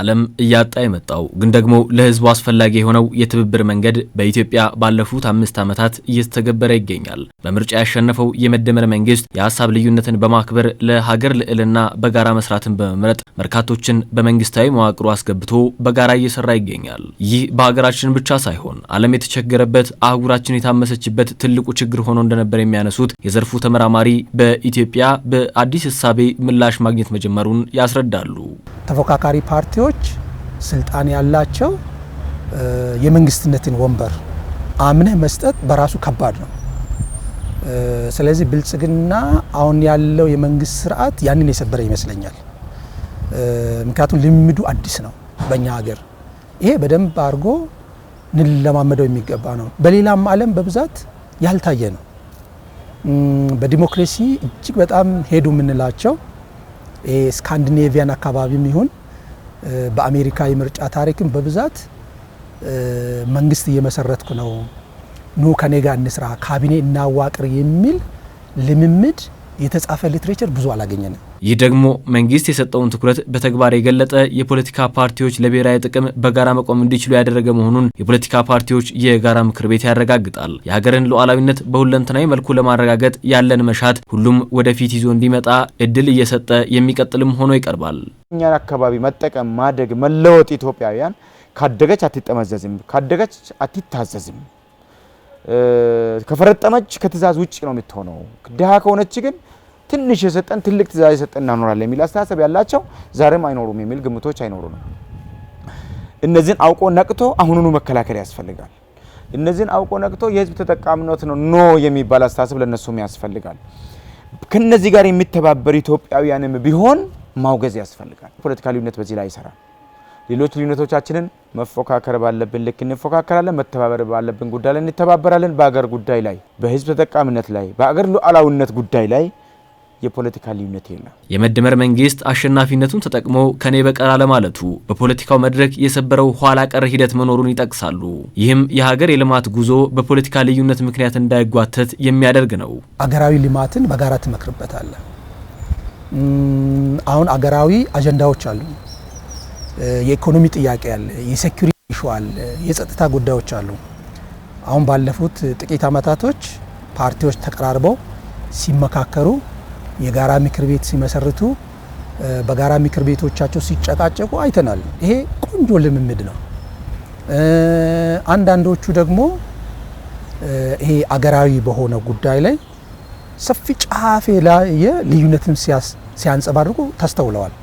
ዓለም እያጣ የመጣው ግን ደግሞ ለህዝቡ አስፈላጊ የሆነው የትብብር መንገድ በኢትዮጵያ ባለፉት አምስት ዓመታት እየተተገበረ ይገኛል። በምርጫ ያሸነፈው የመደመር መንግስት የሀሳብ ልዩነትን በማክበር ለሀገር ልዕልና በጋራ መስራትን በመምረጥ መርካቶችን በመንግስታዊ መዋቅሩ አስገብቶ በጋራ እየሰራ ይገኛል። ይህ በሀገራችን ብቻ ሳይሆን ዓለም የተቸገረበት አህጉራችን የታመሰችበት ትልቁ ችግር ሆኖ እንደነበር የሚያነሱት የዘርፉ ተመራማሪ በኢትዮጵያ በአዲስ እሳቤ ምላሽ ማግኘት መጀመሩን ያስረዳሉ። ተፎካካሪ ፓርቲ ፓርቲዎች ስልጣን ያላቸው የመንግስትነትን ወንበር አምነህ መስጠት በራሱ ከባድ ነው። ስለዚህ ብልጽግና አሁን ያለው የመንግስት ስርዓት ያንን የሰበረ ይመስለኛል። ምክንያቱም ልምዱ አዲስ ነው በእኛ ሀገር። ይሄ በደንብ አድርጎ እንለማመደው የሚገባ ነው። በሌላም ዓለም በብዛት ያልታየ ነው። በዲሞክራሲ እጅግ በጣም ሄዱ የምንላቸው ስካንዲኔቪያን አካባቢም ይሁን በአሜሪካ የምርጫ ታሪክም በብዛት መንግስት እየመሰረትኩ ነው፣ ኑ ከኔ ጋር እንስራ፣ ካቢኔ እናዋቅር የሚል ልምምድ የተጻፈ ሊትሬቸር ብዙ አላገኘንም። ይህ ደግሞ መንግስት የሰጠውን ትኩረት በተግባር የገለጠ የፖለቲካ ፓርቲዎች ለብሔራዊ ጥቅም በጋራ መቆም እንዲችሉ ያደረገ መሆኑን የፖለቲካ ፓርቲዎች የጋራ ምክር ቤት ያረጋግጣል። የሀገርን ሉዓላዊነት በሁለንተናዊ መልኩ ለማረጋገጥ ያለን መሻት ሁሉም ወደፊት ይዞ እንዲመጣ እድል እየሰጠ የሚቀጥልም ሆኖ ይቀርባል። እኛን አካባቢ መጠቀም፣ ማደግ፣ መለወጥ ኢትዮጵያውያን ካደገች አትጠመዘዝም፣ ካደገች አትታዘዝም። ከፈረጠመች ከትእዛዝ ውጭ ነው የምትሆነው። ድሃ ከሆነች ግን ትንሽ የሰጠን ትልቅ ትእዛዝ የሰጠን እናኖራለን የሚል አስተሳሰብ ያላቸው ዛሬም አይኖሩም የሚል ግምቶች አይኖሩም። እነዚህን አውቆ ነቅቶ አሁኑኑ መከላከል ያስፈልጋል። እነዚህን አውቆ ነቅቶ የህዝብ ተጠቃሚነት ነው ኖ የሚባል አስተሳሰብ ለእነሱም ያስፈልጋል። ከነዚህ ጋር የሚተባበር ኢትዮጵያውያንም ቢሆን ማውገዝ ያስፈልጋል። ፖለቲካ ልዩነት በዚህ ላይ ይሰራል። ሌሎች ልዩነቶቻችንን መፎካከር ባለብን ልክ እንፎካከራለን። መተባበር ባለብን ጉዳይ ላይ እንተባበራለን። በአገር ጉዳይ ላይ፣ በህዝብ ተጠቃሚነት ላይ፣ በአገር ሉዓላዊነት ጉዳይ ላይ የፖለቲካ ልዩነት የለም። የመደመር መንግስት አሸናፊነቱን ተጠቅሞ ከኔ በቀር አለማለቱ በፖለቲካው መድረክ የሰበረው ኋላ ቀር ሂደት መኖሩን ይጠቅሳሉ። ይህም የሀገር የልማት ጉዞ በፖለቲካ ልዩነት ምክንያት እንዳይጓተት የሚያደርግ ነው። አገራዊ ልማትን በጋራ ትመክርበታለ። አሁን አገራዊ አጀንዳዎች አሉ። የኢኮኖሚ ጥያቄ አለ፣ የሴኩሪቲ ኢሹ አለ፣ የጸጥታ ጉዳዮች አሉ። አሁን ባለፉት ጥቂት አመታቶች ፓርቲዎች ተቀራርበው ሲመካከሩ የጋራ ምክር ቤት ሲመሰርቱ በጋራ ምክር ቤቶቻቸው ሲጨቃጨቁ አይተናል። ይሄ ቆንጆ ልምምድ ነው። አንዳንዶቹ ደግሞ ይሄ አገራዊ በሆነ ጉዳይ ላይ ሰፊ ጫፌ ላይ ልዩነትን ሲያንጸባርቁ ተስተውለዋል።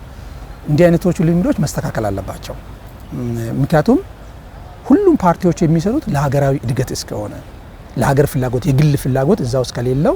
እንዲህ አይነቶቹ ልምዶች መስተካከል አለባቸው። ምክንያቱም ሁሉም ፓርቲዎች የሚሰሩት ለሀገራዊ እድገት እስከሆነ ለሀገር ፍላጎት የግል ፍላጎት እዛ እስከሌለው። ከሌለው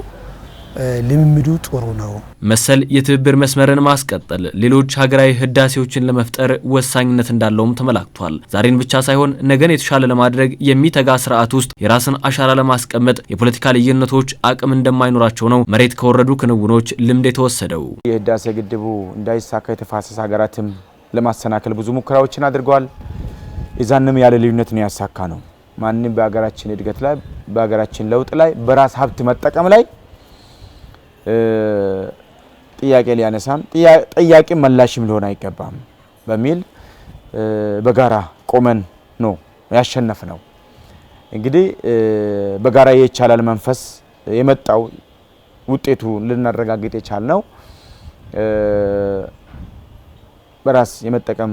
ልምምዱ ጥሩ ነው። መሰል የትብብር መስመርን ማስቀጠል ሌሎች ሀገራዊ ህዳሴዎችን ለመፍጠር ወሳኝነት እንዳለውም ተመላክቷል። ዛሬን ብቻ ሳይሆን ነገን የተሻለ ለማድረግ የሚተጋ ስርዓት ውስጥ የራስን አሻራ ለማስቀመጥ የፖለቲካ ልዩነቶች አቅም እንደማይኖራቸው ነው መሬት ከወረዱ ክንውኖች ልምድ የተወሰደው። የህዳሴ ግድቡ እንዳይሳካ የተፋሰስ ሀገራትም ለማሰናከል ብዙ ሙከራዎችን አድርገዋል። የዛንም ያለ ልዩነት ነው ያሳካ ነው። ማንም በሀገራችን እድገት ላይ በሀገራችን ለውጥ ላይ በራስ ሀብት መጠቀም ላይ ጥያቄ ሊያነሳም ጥያቄ መላሽም ሊሆን አይገባም በሚል በጋራ ቆመን ነው ያሸነፍ ነው። እንግዲህ በጋራ የቻላል መንፈስ የመጣው ውጤቱ ልናረጋግጥ ነው በራስ የመጠቀም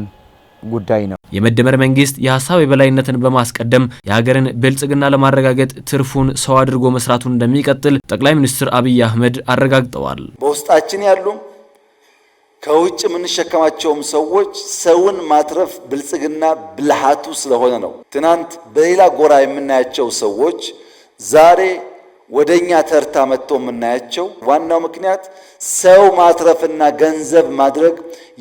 ጉዳይ ነው። የመደመር መንግስት የሀሳብ የበላይነትን በማስቀደም የሀገርን ብልጽግና ለማረጋገጥ ትርፉን ሰው አድርጎ መስራቱን እንደሚቀጥል ጠቅላይ ሚኒስትር አብይ አህመድ አረጋግጠዋል። በውስጣችን ያሉ ከውጭ የምንሸከማቸውም ሰዎች ሰውን ማትረፍ ብልጽግና ብልሃቱ ስለሆነ ነው። ትናንት በሌላ ጎራ የምናያቸው ሰዎች ዛሬ ወደ እኛ ተርታ መጥቶ የምናያቸው ዋናው ምክንያት ሰው ማትረፍና ገንዘብ ማድረግ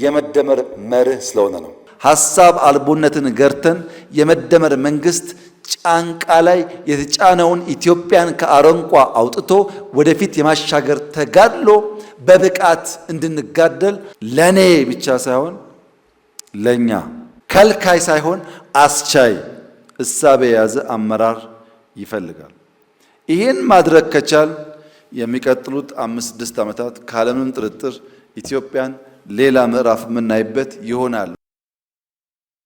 የመደመር መርህ ስለሆነ ነው። ሐሳብ አልቦነትን ገርተን የመደመር መንግስት ጫንቃ ላይ የተጫነውን ኢትዮጵያን ከአረንቋ አውጥቶ ወደፊት የማሻገር ተጋድሎ በብቃት እንድንጋደል ለኔ ብቻ ሳይሆን ለኛ ከልካይ ሳይሆን አስቻይ እሳቤ የያዘ አመራር ይፈልጋል። ይህን ማድረግ ከቻል የሚቀጥሉት አምስት ስድስት ዓመታት ካለምንም ጥርጥር ኢትዮጵያን ሌላ ምዕራፍ የምናይበት ይሆናል።